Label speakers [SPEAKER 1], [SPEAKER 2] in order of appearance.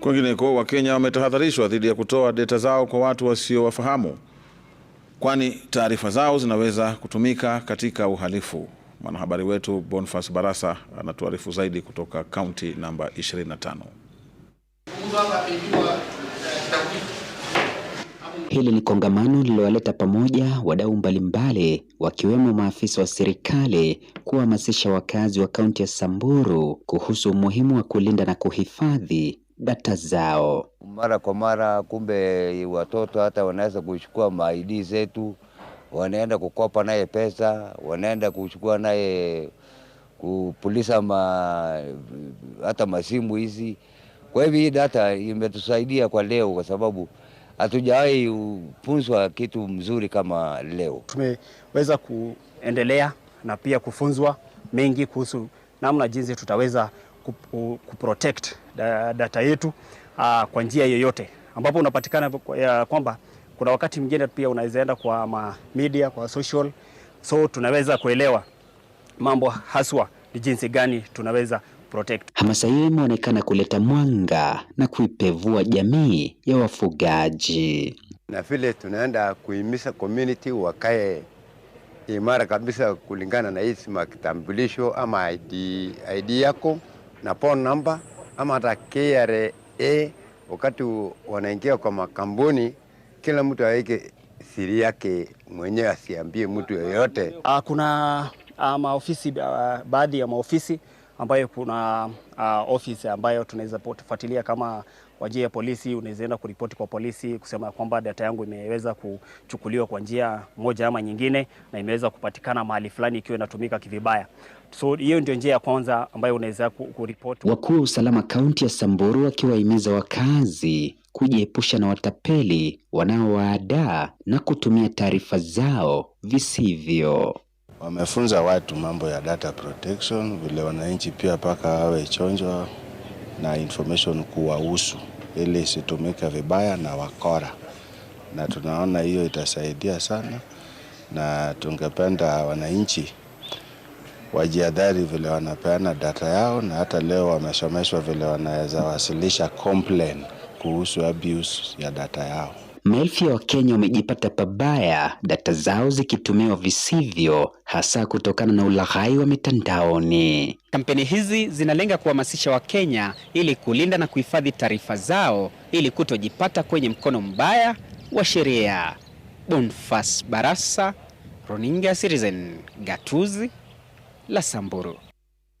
[SPEAKER 1] Kwingineko, Wakenya wametahadharishwa dhidi ya kutoa data zao kwa watu wasiowafahamu, kwani taarifa zao zinaweza kutumika katika uhalifu. Mwanahabari wetu Bonfas Barasa anatuarifu zaidi kutoka kaunti namba 25.
[SPEAKER 2] Hili ni kongamano lililowaleta pamoja wadau mbalimbali wakiwemo maafisa wa serikali kuwahamasisha wakazi wa kaunti ya Samburu kuhusu umuhimu wa kulinda na kuhifadhi data zao
[SPEAKER 3] mara kwa mara. Kumbe watoto hata wanaweza kuchukua maidi zetu, wanaenda kukopa naye pesa, wanaenda kuchukua naye kupulisa ma, hata masimu hizi. Kwa hivyo hii data imetusaidia kwa leo, kwa sababu hatujawahi kufunzwa kitu mzuri kama leo.
[SPEAKER 4] Tumeweza kuendelea na pia kufunzwa mengi kuhusu namna jinsi tutaweza kuprotect data yetu uh, kwa njia yoyote, ambapo unapatikana kwamba kuna wakati mwingine pia unawezaenda kwa ma media, kwa social, so tunaweza kuelewa mambo haswa ni jinsi gani tunaweza protect.
[SPEAKER 2] Hamasa hiyo imeonekana kuleta mwanga na kuipevua jamii ya wafugaji,
[SPEAKER 3] na vile tunaenda kuhimiza community wakae imara kabisa kulingana na hisi makitambulisho ama ID, ID yako na phone namba ama hata KRA. Wakati wanaingia kwa makampuni, kila mtu aweke siri yake mwenyewe, asiambie mtu yoyote.
[SPEAKER 4] Ah, kuna ah, maofisi, ah, baadhi ya maofisi ambayo kuna uh, office ambayo tunaweza kufuatilia kama kwa njia ya polisi, unaweza enda kuripoti kwa polisi kusema kwamba data yangu imeweza kuchukuliwa kwa njia moja ama nyingine na imeweza kupatikana mahali fulani ikiwa inatumika kivibaya. So hiyo ndio njia ya kwanza ambayo unaweza kuripoti.
[SPEAKER 2] Wakuu wa usalama kaunti ya Samburu wakiwahimiza wakazi kujiepusha na watapeli wanaowaadaa na kutumia taarifa zao visivyo.
[SPEAKER 5] Wamefunza watu mambo ya data protection, vile wananchi pia mpaka wawe chonjwa na information kuwahusu, ili isitumike vibaya na wakora, na tunaona hiyo itasaidia sana, na tungependa wananchi wajiadhari vile wanapeana data yao, na hata leo wamesomeshwa vile wanaweza wasilisha complain kuhusu abuse ya data yao.
[SPEAKER 2] Maelfu ya Wakenya wamejipata pabaya, data zao zikitumiwa visivyo, hasa kutokana na ulaghai wa mitandaoni.
[SPEAKER 6] Kampeni hizi zinalenga kuhamasisha Wakenya ili kulinda na kuhifadhi taarifa zao ili kutojipata kwenye mkono mbaya wa sheria. Bonfas Barasa, Runinga Citizen, gatuzi la Samburu.